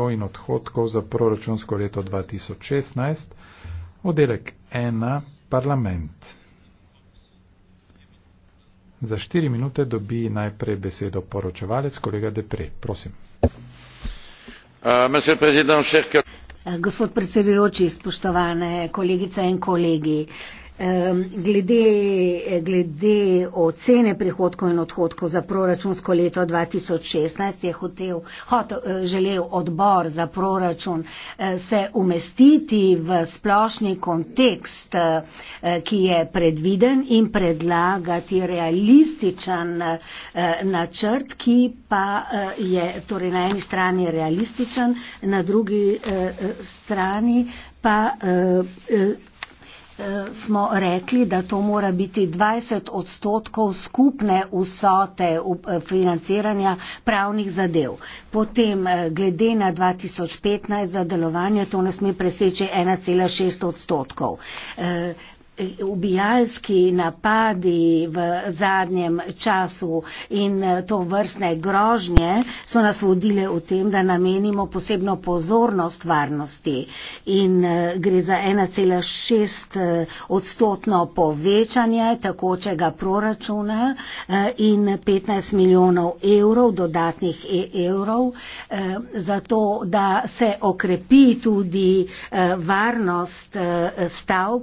prihodkov in odhodkov za proračunsko leto 2016, oddelek 1, parlament. Za štiri minute dobi najprej besedo poročevalec, kolega Depre. Prosim. Uh, Gospod predsedujoči, spoštovane kolegice in kolegi. Uh, Glede, glede ocene prihodkov in odhodkov za proračunsko leto 2016 je hotel, hotel, eh, želel odbor za proračun eh, se umestiti v splošni kontekst, eh, ki je predviden in predlagati realističen načrt, ki pa je torej, na eni strani realističen, na drugi strani pa Eh, smo rekli, da to mora biti 20 odstotkov skupne vsote eh, financiranja pravnih zadev. Potem, eh, glede na 2015 za delovanje, to ne sme preseči 1,6 odstotkov ubijalski napadi v zadnjem času in eh, to vrstne grožnje so nas vodile v tem, da namenimo posebno pozornost varnosti in eh, gre za 1,6 eh, odstotno povečanje takočega proračuna in 15 milijonov evrov, dodatnih e-, evrov, zato da se okrepi tudi varnost stavb,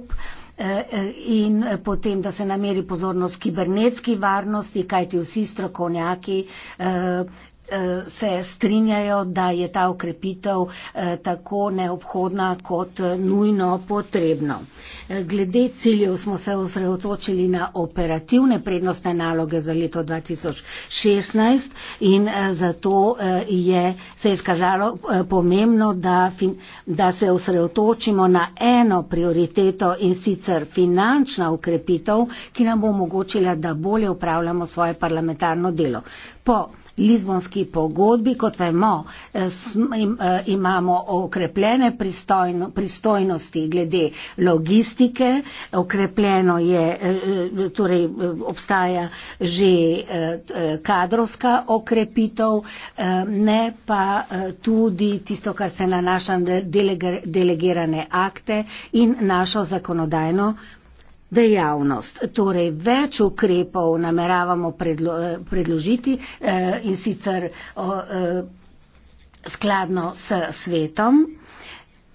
in potem, da se nameri pozornost kibernetski varnosti, kajti vsi strokovnjaki eh, Eh, se strinjajo, da je ta ukrepitev eh, tako neobhodna kot eh, nujno potrebno. Glede ciljev smo se osredotočili na operativne prednostne naloge za leto 2016 in zato je, se je skazalo pomembno, da, fin, da se osredotočimo na eno prioriteto in sicer finančna ukrepitev, ki nam bo omogočila, da bolje upravljamo svoje parlamentarno delo. Po Lizbonski pogodbi, kot vemo, eh, eh, imamo okrepljene pristojnosti glede logistike, okrepljeno je, eh, torej obstaja že kadrovska okrepitev, ne pa tudi tisto, kar se nanaša na delegirane akte in našo zakonodajno dejavnost, torej več ukrepov nameravamo predlo, predložiti eh, in sicer eh, skladno s svetom.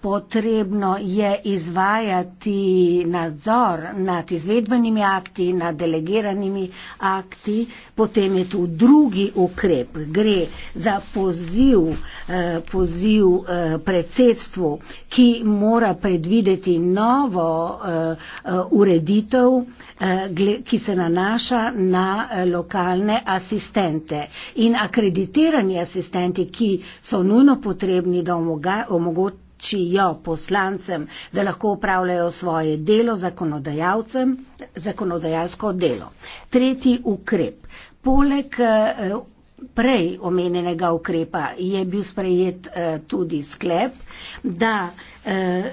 Potrebno je izvajati nadzor nad izvedbenimi akti, nad delegiranimi akti. Potem je tu drugi ukrep. Gre za poziv, eh, poziv eh, predsedstvu, ki mora predvideti novo eh, ureditev, ki se nanaša na lokalne asistente. In akreditirani asistenti, ki so nujno potrebni, da omogočajo omogočijo poslancem, da lahko upravljajo svoje delo zakonodajalcem, zakonodajalsko delo. Tretji ukrep. Poleg eh, prej omenjenega ukrepa je bil sprejet eh, tudi sklep, da, eh,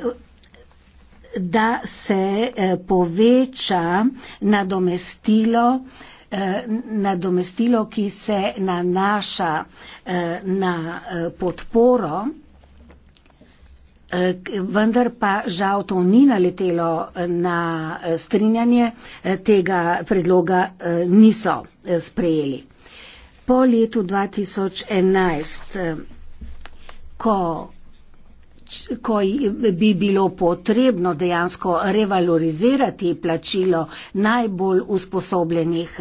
da se poveča nadomestilo nadomestilo, ki se nanaša na podporo Vendar pa žal to ni naletelo eh, na eh, strinjanje, eh, tega predloga niso sprejeli. Po letu 2011, ko, ko bi bilo potrebno dejansko revalorizirati plačilo najbolj usposobljenih,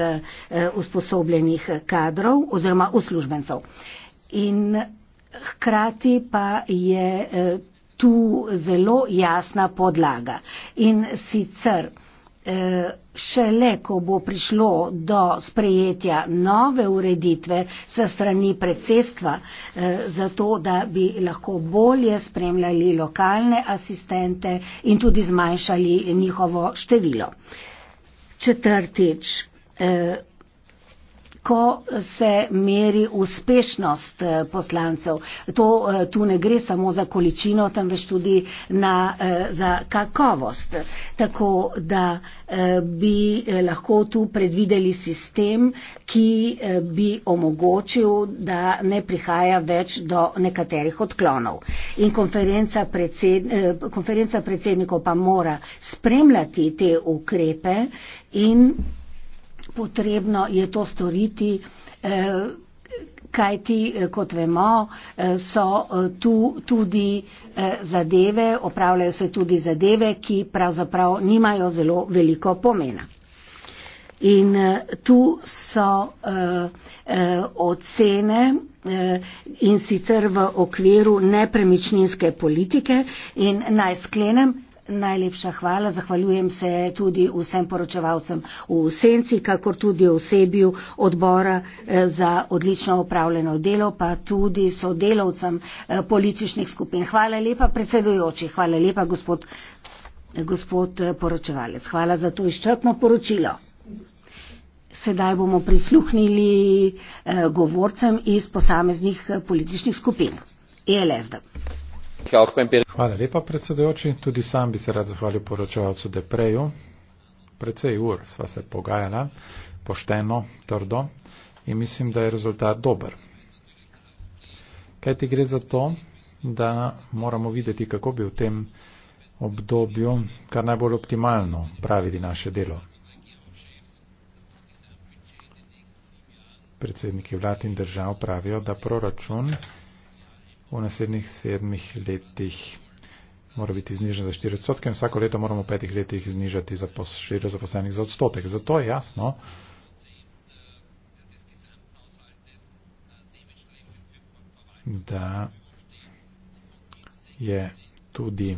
usposobljenih kadrov oziroma uslužbencev. In hkrati pa je tu zelo jasna podlaga. In sicer eh, šele, ko bo prišlo do sprejetja nove ureditve sa strani predsedstva, eh, zato da bi lahko bolje spremljali lokalne asistente in tudi zmanjšali njihovo število. Četrtič, eh, ko se meri uspešnost eh, poslancev. To, eh, tu ne gre samo za količino, temveč tudi na, eh, za kakovost. Tako da bi lahko tu predvideli sistem, ki bi omogočil, da ne prihaja več do nekaterih odklonov. In konferenca, predsed, konferenca predsednikov pa mora spremljati te ukrepe in potrebno je to storiti, eh, kajti, eh, kot vemo, eh, so tu tudi zadeve, opravljajo se tudi zadeve, ki pravzaprav nimajo zelo veliko pomena. In tu so ocene in sicer v okviru nepremičninske politike in naj sklenem, Najlepša hvala, zahvaljujem se tudi vsem poročevalcem v Senci, kakor tudi osebju odbora eh, za odlično upravljeno delo, pa tudi sodelavcem eh, političnih skupin. Hvala lepa, predsedujoči, hvala lepa, gospod, gospod eh, poročevalec. Hvala za to izčrpno poročilo. Sedaj bomo prisluhnili govorcem iz posameznih političnih skupin. ELSD. Hvala lepa, predsedujoči. Tudi sam bi se rad zahvalil poročevalcu Depreju. Predvsej ur sva se pogajala, pošteno, trdo in mislim, da je rezultat dober. Kaj ti gre za to, da moramo videti, kako bi v tem obdobju kar najbolj optimalno pravili naše delo. Predsedniki vlad in držav pravijo, da proračun v naslednjih sedmih letih mora biti znižen za 4 odstotke in vsako leto moramo v petih letih znižati za širo zaposlenih za odstotek. Zato je jasno, da je tudi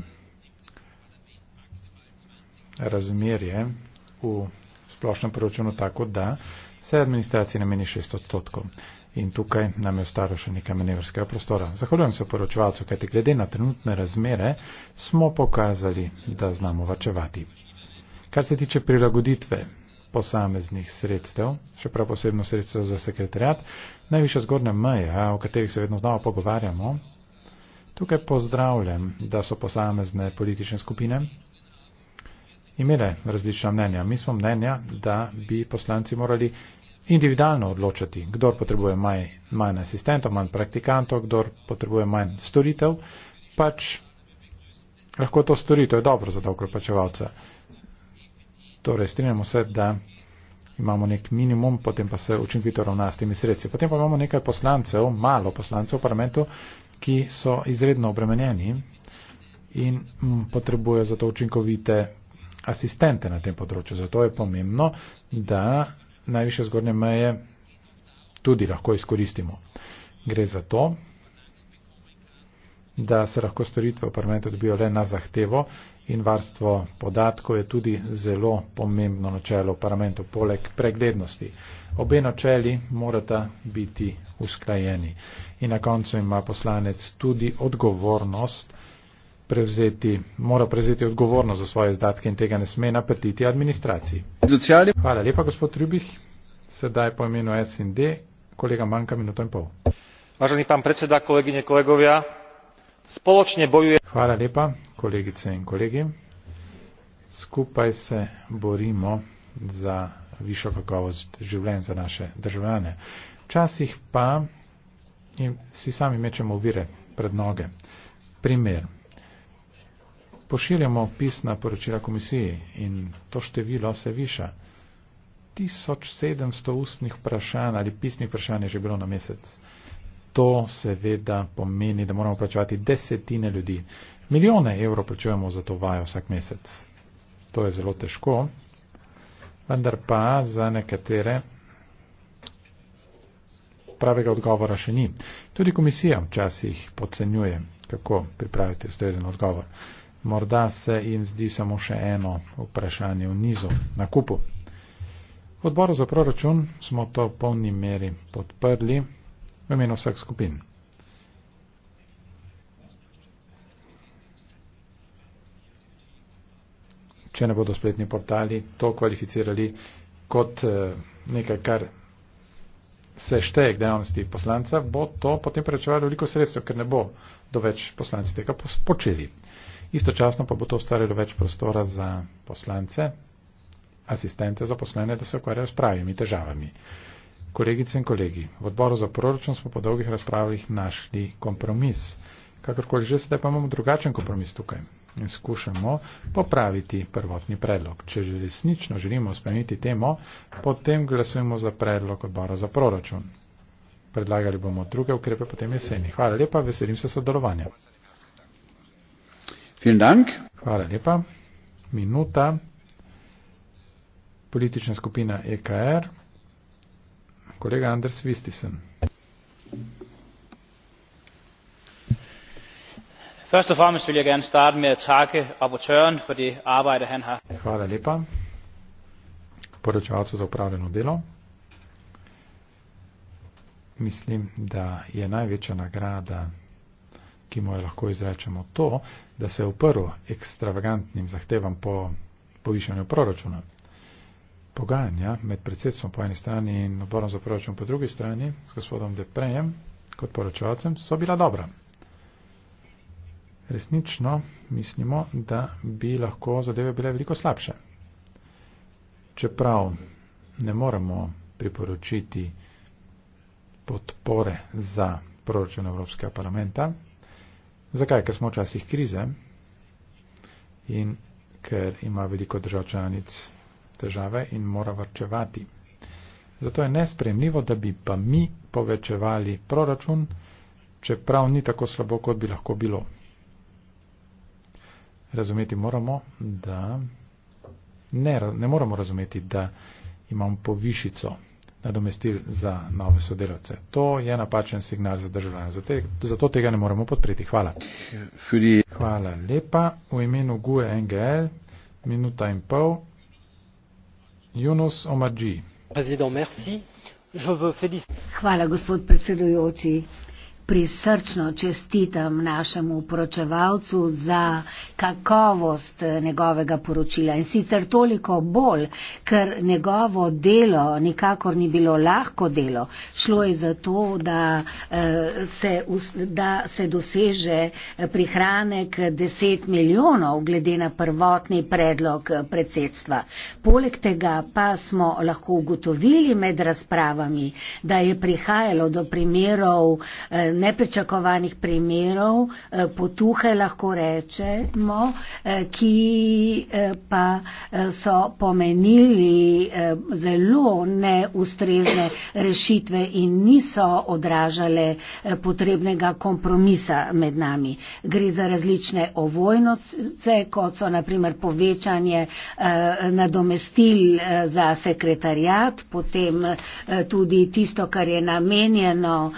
razmerje v splošnem proračunu tako, da se administraciji nameni 6 odstotkov in tukaj nam je ostalo še nekaj manevrskega prostora. Zahvaljujem se poročevalcu, kajti glede na trenutne razmere smo pokazali, da znamo vačevati. Kar se tiče prilagoditve posameznih sredstev, še prav posebno sredstev za sekretariat, najviše zgornja meja, o katerih se vedno znova pogovarjamo, tukaj pozdravljam, da so posamezne politične skupine imele različna mnenja. Mi smo mnenja, da bi poslanci morali individualno odločati, kdo potrebuje manj, manj asistentov, manj praktikantov, kdo potrebuje manj storitev, pač lahko to stori, to je dobro za davkoplačevalca. Torej, strinjamo se, da imamo nek minimum, potem pa se učinkovito ravna s temi sredstvi. Potem pa imamo nekaj poslancev, malo poslancev v parlamentu, ki so izredno obremenjeni in mm, potrebujejo za to učinkovite asistente na tem področju. Zato je pomembno, da najviše zgornje meje tudi lahko izkoristimo. Gre za to, da se lahko storitve v parlamentu dobijo le na zahtevo in varstvo podatkov je tudi zelo pomembno načelo v parlamentu, poleg preglednosti. Obe načeli morata biti usklajeni. In na koncu ima poslanec tudi odgovornost, prevzeti, mora prevzeti odgovornost za svoje izdatke in tega ne sme napetiti administraciji. Hvala lepa, gospod Rubih. Sedaj po imenu SND, kolega manjka minuto in pol. Vážený pán predseda, kolegyne, kolegovia, spoločne bojuje... Hvala lepa, kolegice in kolegi. Skupaj se borimo za višjo kakovost življenja za naše državljane. Včasih pa si sami mečemo uvire pred noge. Primer pošiljamo pisna poročila komisiji in to število se viša. 1700 ustnih vprašanj ali pisnih vprašanj je že bilo na mesec. To seveda pomeni, da moramo plačevati desetine ljudi. Milijone evrov plačujemo za to vajo vsak mesec. To je zelo težko, vendar pa za nekatere pravega odgovora še ni. Tudi komisija včasih podcenjuje, kako pripraviti ustrezen odgovor morda se jim zdi samo še eno vprašanje v nizu na kupu. V odboru za proračun smo to v polni meri podprli v imenu vseh skupin. Če ne bodo spletni portali to kvalificirali kot eh, nekaj, kar se šteje k dejavnosti poslanca, bo to potem prečevalo veliko sredstev, ker ne bo do več poslanci tega počeli. Pos Istočasno pa bo to ustvarjalo več prostora za poslance, asistente za poslene, da se ukvarjajo s pravimi težavami. Kolegice in kolegi, v odboru za proračun smo po dolgih razpravih našli kompromis. Kakorkoli že sedaj pa imamo drugačen kompromis tukaj in skušamo popraviti prvotni predlog. Če že resnično želimo spremeniti temo, potem glasujemo za predlog odbora za proračun. Predlagali bomo druge ukrepe potem jeseni. Hvala lepa, veselim se sodelovanja. Vielen Dank. Hvala lepa. Minuta. Politična skupina EKR. Kolega Anders Vistisen. Først og fremmest vil jeg gerne starte med at takke rapportøren for det arbejde, han har. Hvala lepa. Poročevalcu za upravljeno delo. Mislim, da je največja nagrada ki mu jo lahko izrečemo to, da se je uprl ekstravagantnim zahtevam po povišanju proračuna. Pogajanja med predsedstvom po eni strani in oborom za proračun po drugi strani s gospodom Deprejem kot poročevalcem so bila dobra. Resnično mislimo, da bi lahko zadeve bile veliko slabše. Čeprav ne moremo priporočiti podpore za proračun Evropskega parlamenta, Zakaj? Ker smo včasih krize in ker ima veliko držav članic težave in mora varčevati. Zato je nespremljivo, da bi pa mi povečevali proračun, čeprav ni tako slabo, kot bi lahko bilo. Razumeti moramo, da ne, ne moramo razumeti, da imam povišico nadomestil za nove sodelavce. To je napačen signal za državljane. Zato tega ne moremo podpreti. Hvala. Hvala lepa. V imenu GUE NGL, minuta in pol. Junus Omadži. Hvala, gospod predsedujoči prisrčno čestitam našemu poročevalcu za kakovost njegovega poročila in sicer toliko bolj, ker njegovo delo nikakor ni bilo lahko delo. Šlo je za to, da eh, se, da se doseže eh, prihranek 10 milijonov glede na prvotni predlog eh, predsedstva. Poleg tega pa smo lahko ugotovili med razpravami, da je prihajalo do primerov nepričakovanih primerov, eh, potuhe lahko rečemo, eh, ki eh, pa so pomenili zelo neustrezne rešitve in niso odražale potrebnega kompromisa med nami. Gre za različne ovojnice, kot so naprimer povečanje nadomestil za sekretarjat, potem tudi tisto, kar je namenjeno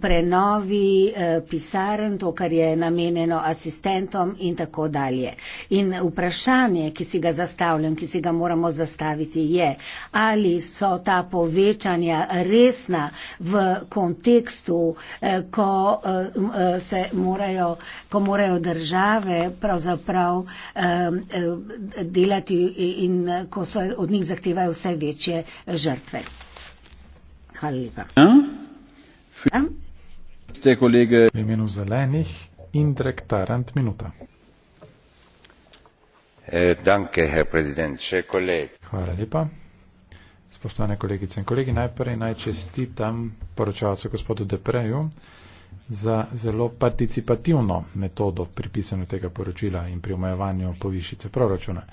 pre prenovi eh, pisarn, to, kar je namenjeno asistentom in tako dalje. In vprašanje, ki si ga zastavljam, ki si ga moramo zastaviti, je, ali so ta povečanja resna v kontekstu, eh, ko eh, se morajo, ko morajo države pravzaprav delati in ko so od njih zahtevajo vse večje žrtve. Hvala lepa. Ja? Ja? Geschichte, Kollege. Im Namen Zelenich, Indrek Tarant, Minuta. E, danke, Herr Präsident, Herr Kollege. Hvala lepa. Spoštovane kolegice in kolegi, najprej naj čestitam poročavcu gospodu Depreju za zelo participativno metodo pri pisanju tega poročila in pri omejevanju povišice proračuna.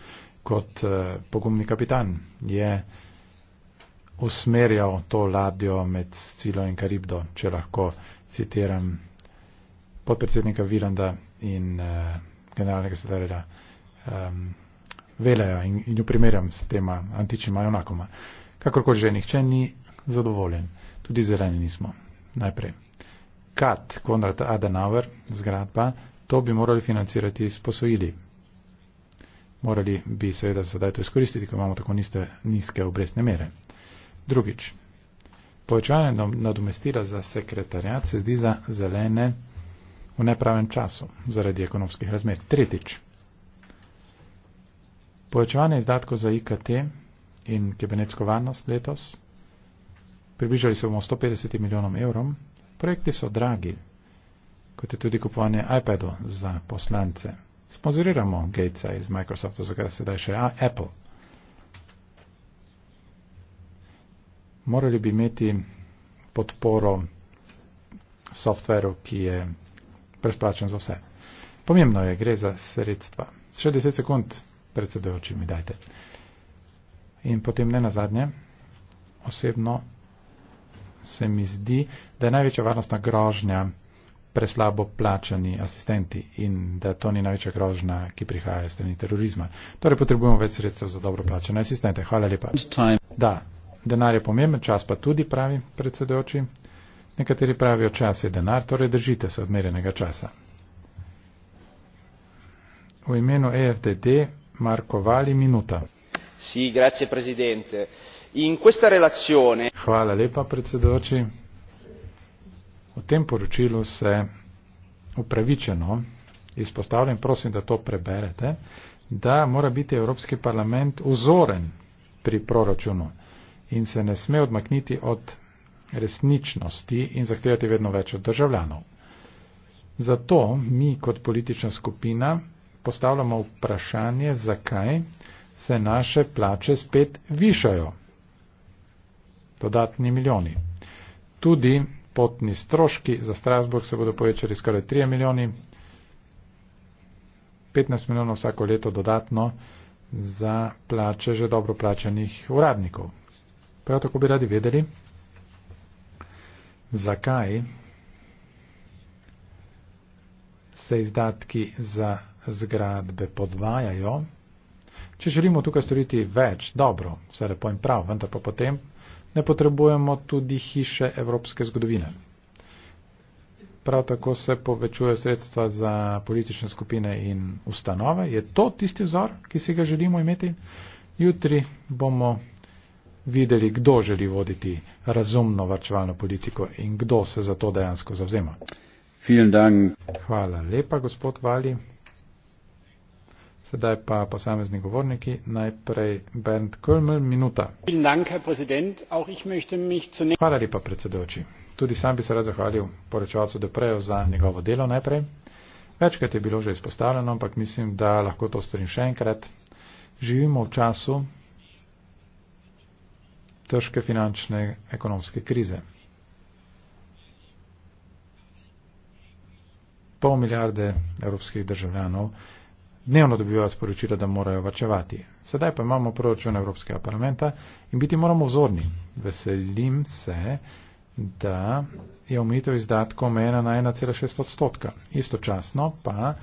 Kot e, pogumni kapitan je usmerjal to ladjo med Scilo in Karibdo, če lahko citiram podpredsednika Vilanda in uh, generalnega sekretarja um, Velaja in, in jo primerjam s tema antičnima enakoma. Kakorkoli že, nihče ni zadovoljen, tudi zeleni nismo. Najprej. Kat, Konrad Adenauer, zgradba, to bi morali financirati s posojili. Morali bi seveda sedaj to izkoristiti, ko imamo tako niste, nizke obrestne mere. Drugič, povečanje nadomestila za sekretarjat se zdi za zelene v nepravem času zaradi ekonomskih razmer. Tretjič, povečanje izdatkov za IKT in kibernetsko varnost letos, približali se bomo 150 milijonom evrom, projekti so dragi, kot je tudi kupovanje iPadov za poslance. Sponzoriramo Gatesa iz Microsofta, za kar sedaj še Apple. morali bi imeti podporo softveru, ki je brezplačen za vse. Pomembno je, gre za sredstva. Še 10 sekund predsedujoči mi dajte. In potem ne nazadnje, osebno se mi zdi, da je največja varnostna grožnja preslabo plačani asistenti in da to ni največja grožnja, ki prihaja strani terorizma. Torej potrebujemo več sredstev za dobro plačane asistente. Hvala lepa. Da, denar je pomemben, čas pa tudi, pravi predsedoči. Nekateri pravijo, čas je denar, torej držite se odmerenega časa. V imenu EFDD Marko Vali minuta. Si, grazie, prezidente. In questa relazione. Hvala lepa, predsedoči. V tem poročilu se upravičeno izpostavljam, prosim, da to preberete, da mora biti Evropski parlament vzoren pri proračunu in se ne sme odmakniti od resničnosti in zahtevati vedno več od državljanov. Zato mi kot politična skupina postavljamo vprašanje, zakaj se naše plače spet višajo. Dodatni milijoni. Tudi potni stroški za Strasburg se bodo povečali skoraj 3 milijoni. 15 milijonov vsako leto dodatno za plače že dobro plačanih uradnikov. Prav tako bi radi vedeli, zakaj se izdatki za zgradbe podvajajo. Če želimo tukaj storiti več, dobro, vse lepo in prav, vendar pa potem ne potrebujemo tudi hiše evropske zgodovine. Prav tako se povečuje sredstva za politične skupine in ustanove. Je to tisti vzor, ki si ga želimo imeti? Jutri bomo videli, kdo želi voditi razumno varčevalno politiko in kdo se za to dejansko zavzema. Hvala lepa, gospod Vali. Sedaj pa posamezni govorniki, najprej Bernd Kölmel, minuta. Hvala lepa, predsedujoči. Tudi sam bi se rad zahvalil poročevalcu Deprejo za njegovo delo najprej. Večkrat je bilo že izpostavljeno, ampak mislim, da lahko to storim še enkrat. Živimo v času, težke finančne ekonomske krize. Pol milijarde evropskih državljanov dnevno dobiva sporočila, da morajo vačevati. Sedaj pa imamo proračun Evropskega parlamenta in biti moramo vzorni. Veselim se, da je omejitev izdatkov omejena na 1,6 odstotka. Istočasno pa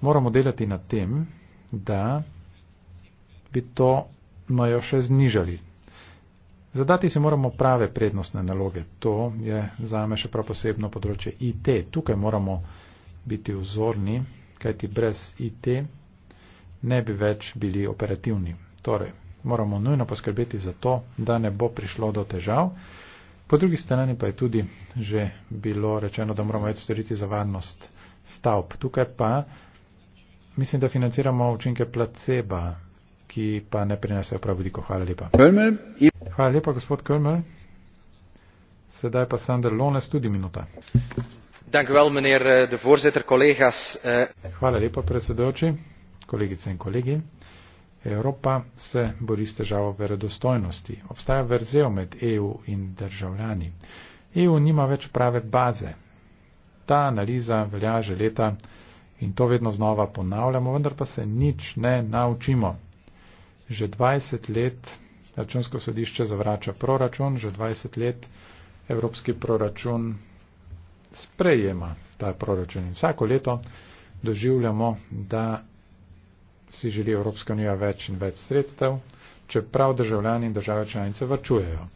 moramo delati na tem, da bi to majo še znižali. Zadati si moramo prave prednostne naloge. To je za me še prav posebno področje IT. Tukaj moramo biti vzorni, kajti brez IT ne bi več bili operativni. Torej, moramo nujno poskrbeti za to, da ne bo prišlo do težav. Po drugi strani pa je tudi že bilo rečeno, da moramo več storiti za varnost stavb. Tukaj pa mislim, da financiramo učinke placeba ki pa ne prinesejo prav veliko. Hvala lepa. Hvala lepa, gospod Kölmer. Sedaj pa Sander Lones, tudi minuta. Well, mener, eh, voorzitter, collega's. Eh. Hvala lepa, predsedoči, kolegice in kolegi. Evropa se bori s težavo verodostojnosti. Obstaja verzel med EU in državljani. EU nima več prave baze. Ta analiza velja že leta in to vedno znova ponavljamo, vendar pa se nič ne naučimo že 20 let računsko sodišče zavrača proračun, že 20 let evropski proračun sprejema ta proračun. In vsako leto doživljamo, da si želi Evropska unija več in več sredstev, čeprav državljani in države članice vrčujejo.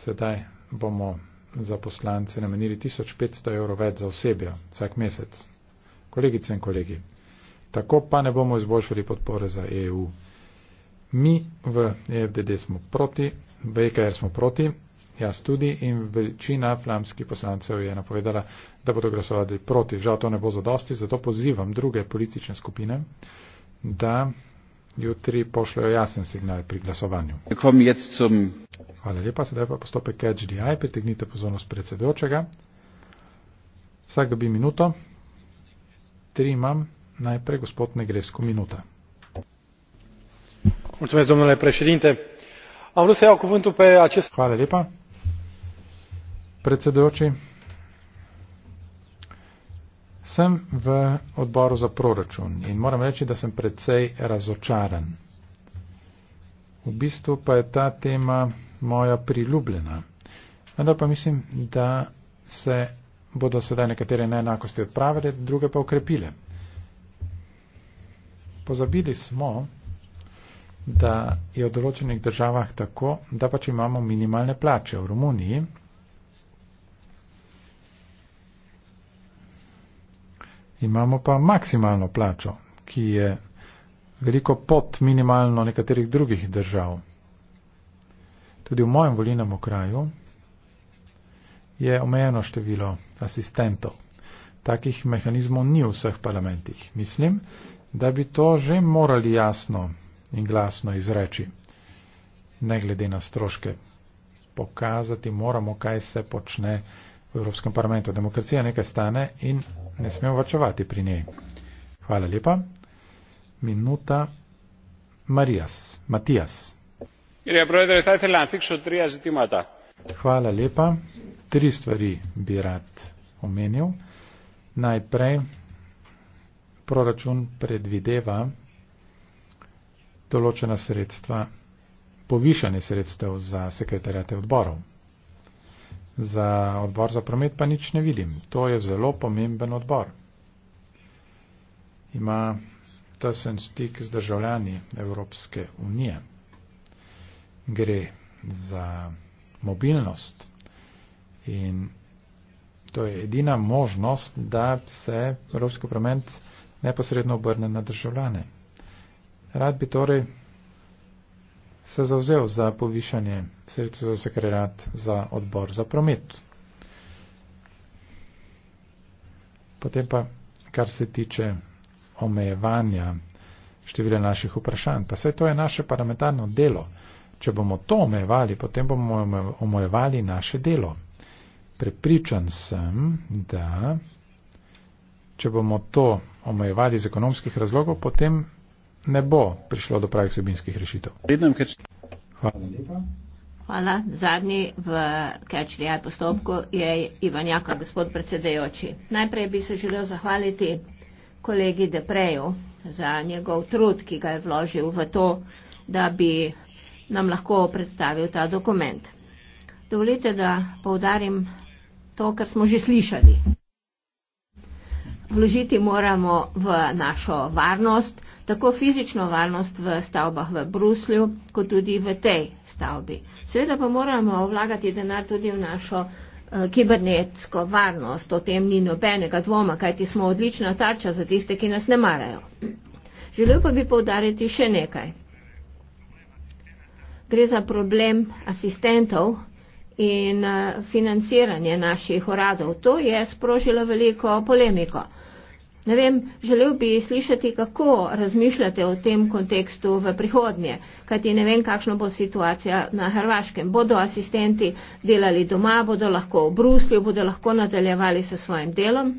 Sedaj bomo za poslance namenili 1500 evrov več za osebje vsak mesec. Kolegice in kolegi, Tako pa ne bomo izboljšali podpore za EU. Mi v EFDD smo proti, v EKR smo proti, jaz tudi in večina flamskih poslancev je napovedala, da bodo glasovali proti. Žal to ne bo zadosti, zato pozivam druge politične skupine, da jutri pošljajo jasen signal pri glasovanju. Hvala lepa, sedaj pa postopek HDI, pritegnite pozornost predsedujočega. Vsak dobi minuto. Tri imam. Najprej gospod Negresko minuta. Mulțumesc, domnule președinte. Am vrut să iau cuvântul pe acest... Hvala lepa. Predsedoči, sem v odboru za proračun in moram reči, da sem predvsej razočaran. V bistvu pa je ta tema moja priljubljena. Vendar pa mislim, da se bodo sedaj nekatere neenakosti odpravile, druge pa ukrepile. Pozabili smo, da je v določenih državah tako, da pač imamo minimalne plače. V Romuniji imamo pa maksimalno plačo, ki je veliko pod minimalno nekaterih drugih držav. Tudi v mojem volilnem okraju je omejeno število asistentov. Takih mehanizmov ni v vseh parlamentih. Mislim, da bi to že morali jasno in glasno izreči, ne glede na stroške. Pokazati moramo, kaj se počne v Evropskem parlamentu. Demokracija nekaj stane in ne smemo vrčevati pri njej. Hvala lepa. Minuta Marijas, Matijas. Hvala lepa. Tri stvari bi rad omenil. Najprej proračun predvideva določena sredstva, povišanje sredstev za sekretarjate odborov. Za odbor za promet pa nič ne vidim. To je zelo pomemben odbor. Ima tesen stik z državljani Evropske unije. Gre za mobilnost in to je edina možnost, da se Evropski promet neposredno obrne na državljane. Rad bi torej se zauzel za povišanje sredstva za sekretariat za odbor za promet. Potem pa, kar se tiče omejevanja števila naših vprašanj, pa saj to je naše parlamentarno delo. Če bomo to omejevali, potem bomo omejevali naše delo. Prepričan sem, da če bomo to omejevali iz ekonomskih razlogov, potem ne bo prišlo do pravih sebinskih rešitev. Hvala. Hvala. Zadnji v catch-the-eye postopku je Ivan Jaka, gospod predsedajoči. Najprej bi se želel zahvaliti kolegi Depreju za njegov trud, ki ga je vložil v to, da bi nam lahko predstavil ta dokument. Dovolite, da povdarim to, kar smo že slišali vložiti moramo v našo varnost, tako fizično varnost v stavbah v Bruslju, kot tudi v tej stavbi. Seveda pa moramo vlagati denar tudi v našo eh, kibernetsko varnost, o tem ni nobenega dvoma, kajti smo odlična tarča za tiste, ki nas ne marajo. Želel pa bi poudariti še nekaj. Gre za problem asistentov, in eh, financiranje naših uradov. To je sprožilo veliko polemiko. Ne vem, želel bi slišati, kako razmišljate o tem kontekstu v prihodnje, kajti ne vem, kakšna bo situacija na Hrvaškem. Bodo asistenti delali doma, bodo lahko v Bruslju, bodo lahko nadaljevali s svojim delom.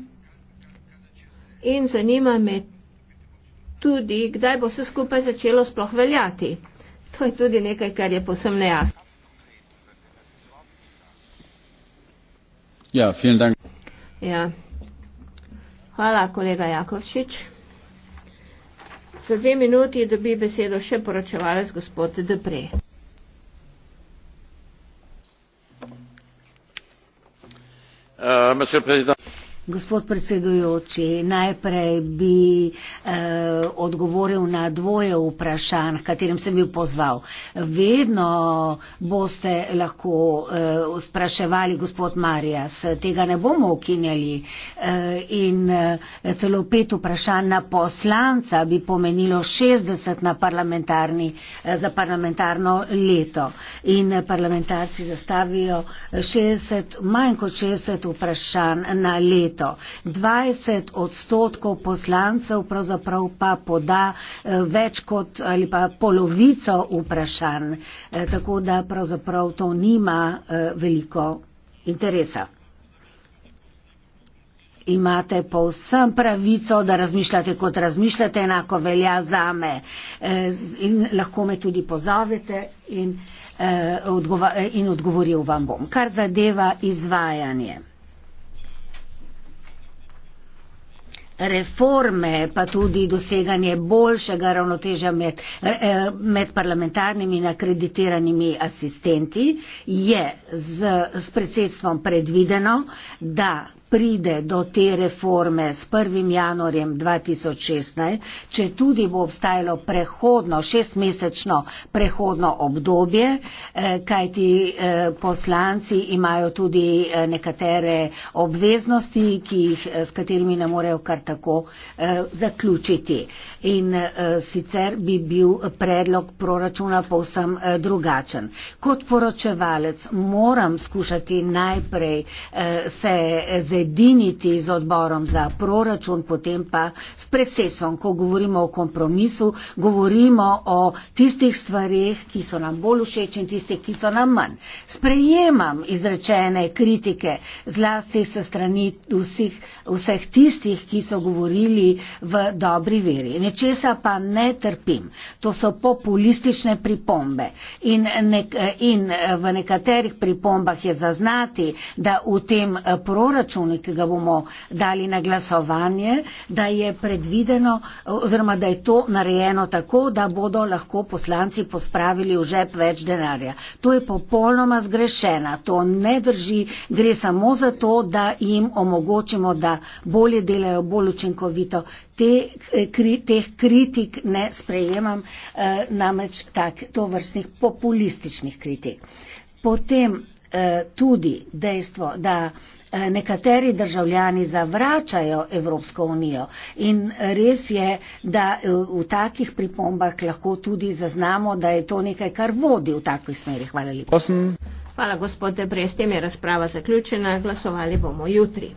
In zanima me tudi, kdaj bo vse skupaj začelo sploh veljati. To je tudi nekaj, kar je posebno jasno. Ja, ja. Hvala, kolega Jakovčič. Za dve minuti dobi besedo še poročevalec gospod Depre. Uh, monsieur le Président, Gospod predsedujoči, najprej bi eh, odgovoril na dvoje vprašanj, katerim sem bil pozval. Vedno boste lahko eh, spraševali, gospod Marijas, tega ne bomo ukinjali eh, in eh, celo pet vprašanj na poslanca bi pomenilo 60 na parlamentarni, eh, za parlamentarno leto. In eh, parlamentarci zastavijo 60, manj kot 60 vprašanj na leto veto. 20 odstotkov poslancev pravzaprav pa poda eh, več kot ali pa polovico vprašanj, eh, tako da pravzaprav to nima eh, veliko interesa. Imate pa vsem pravico, da razmišljate, kot razmišljate, enako velja za me. In lahko me tudi pozovete in, in odgovoril vam bom. Kar zadeva izvajanje. reforme, pa tudi doseganje boljšega ravnotežja med, eh, eh, med parlamentarnimi in akreditiranimi asistenti, je z, s predsedstvom predvideno, da pride do te reforme s 1. januarjem 2016, če tudi bo obstajalo prehodno, šestmesečno prehodno obdobje, eh, kajti eh, poslanci imajo tudi eh, nekatere obveznosti, jih, s katerimi ne morejo kar tako zaključiti. In sicer bi bil predlog proračuna povsem drugačen. Kot poročevalec moram skušati najprej se zelo zjediniti z odborom za proračun, potem pa s predsesom. Ko govorimo o kompromisu, govorimo o tistih stvarih, ki so nam bolj všeč in tistih, ki so nam manj. Sprejemam izrečene kritike, zlasti se strani vseh, vseh tistih, ki so govorili v dobri veri. Nečesa pa ne trpim. To so populistične pripombe. In, nek, in v nekaterih pripombah je zaznati, da v tem eh, proračunu zakonu, ki ga bomo dali na glasovanje, da je predvideno oziroma da je to narejeno tako, da bodo lahko poslanci pospravili v žep več denarja. To je popolnoma zgrešena, to ne drži, gre samo za to, da jim omogočimo, da bolje delajo, bolj učinkovito. Te, kri, teh kritik ne sprejemam, eh, namreč tak, to vrstnih populističnih kritik. Potem Eh, tudi dejstvo, da eh, nekateri državljani zavračajo Evropsko unijo. In res je, da eh, v takih pripombah lahko tudi zaznamo, da je to nekaj, kar vodi v takoj smeri. Hvala lepa. Hvala, gospod Debrez. S tem je razprava zaključena. Glasovali bomo jutri.